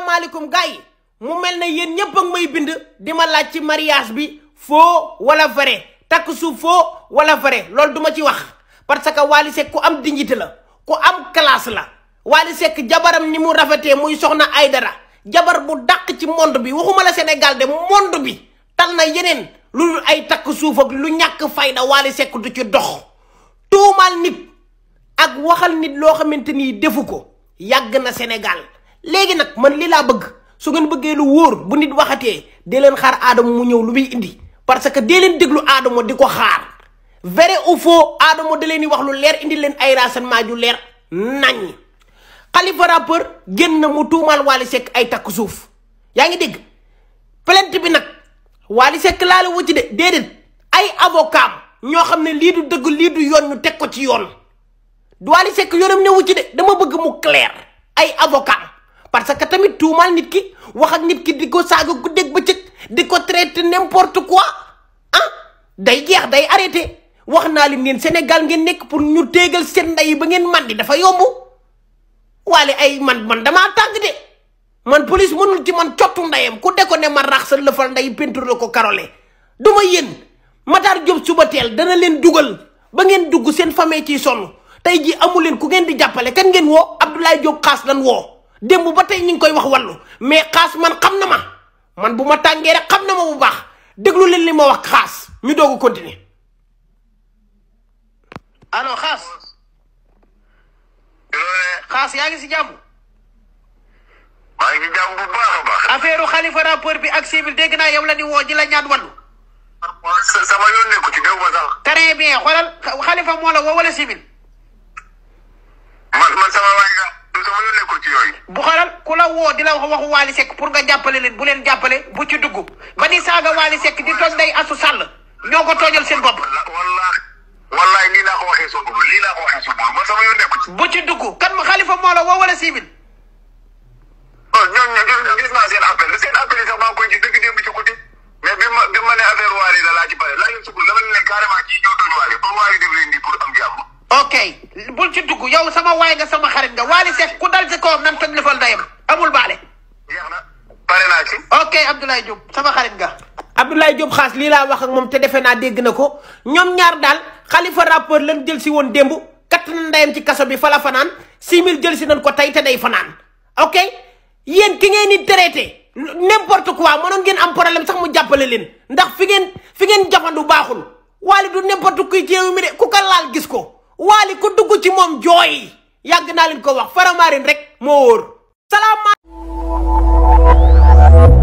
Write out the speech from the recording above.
asalaamaaleykum gars yi mu mel na yéen ñëpp ak may bind di ma laaj ci mariage bi foo wala vrai takk suuf faux wala vrai loolu duma ci wax parce que Wally Seck ku am dignité la ku am classe la Wally Seck jabaram ni mu rafetee muy soxna ay dara jabar bu dàq ci monde bi waxuma la Sénégal de monde bi tal na yeneen lu ay takk suuf lu ñàkk fayda Wally Seck du ci dox tuumaal nit ak waxal nit loo xamante ni defu ko yàgg na Sénégal léegi nag man li laa bëgg su ngeen bëggee lu wóor bu nit waxatee dee leen xaar aadama mu ñëw lu muy indi parce que dee leen déglu aadama di ko xaar vrai ou faux aadama da leen di wax lu leer indi leen ay raisonnement ju leer nañ Khalifa rappeur génn mu tuumaal Wally Seck ay takk suuf yaa ngi dégg plainte bi nag Wally Seck laa la wëcc de déedéet ay avocat ñoo xam ne lii du dëgg lii du yoon ñu teg ko ci yoon Wally Seck yoonam ne wu ci de dama bëgg mu clair ay avocat parce que tamit tuumal nit ki wax ak nit ki diko ko saaga guddeeg diko traiter n'importe quoi ah day jeex day arrêté wax naa leen ngeen Sénégal ngeen nek pour ñu tégal sen nday ba ngeen mandi dafa yombu walé ay man man dama tag dé man police mënul ci man cottu ndeyam ku déko né man rax sa nday peinture ko karole duma yeen Matar job suba tel dana len duggal ba ngeen dugg sen famé ci sonu tay ji amu ku ngeen di jappalé kan ngeen wo Abdoulaye job khas lan wo démb ba tey ñu ngi koy wax wàllu mais xaas man xam na ma man bu ma tàngee rek xam na ma bu baax déglu leen li ma wax xaas ñu doogu continuer allo xaas yaa ngi si jàmm maa ngi jàmm bu bi ak civil dégg naa yow la di woo di la ñaan wàllu sama yoon nekku ci déw ma sax xalifa moo woo wala civil sama yoon bu xoolal ku la woo dina la wax waxu Waly pour nga jàppale leen bu leen jàppale bu ci dugg ba ni saaga Waly Seck di toj day asu sàll ñoo ko tooñal seen bopp. sama waay nga sama xarit nga Wally Seck ku dal ci kawam nan toj lifal dayam amul baale. jeex na pare naa ci. ok Abdoulaye Diop sama xarit nga. Abdoulaye Diop xaas lii laa wax moom te defe naa dégg na ko ñoom ñaar daal xalifa rapport lañ jël si woon démb kat na ndeyam ci kaso bi fala fanaan six mille jël si nañ ko tey te day fanaan ok yéen ki ngeen di traité n'importe quoi mënoon ngeen am problème sax mu jàppale leen ndax fi ngeen fi ngeen jafandu baaxul Wally du n'importe qui ci réew mi de ku ko laal gis ko. waali ku dugg ci moom jooy yàgg naa leen ko wax faramaarin rek moo wóor salaam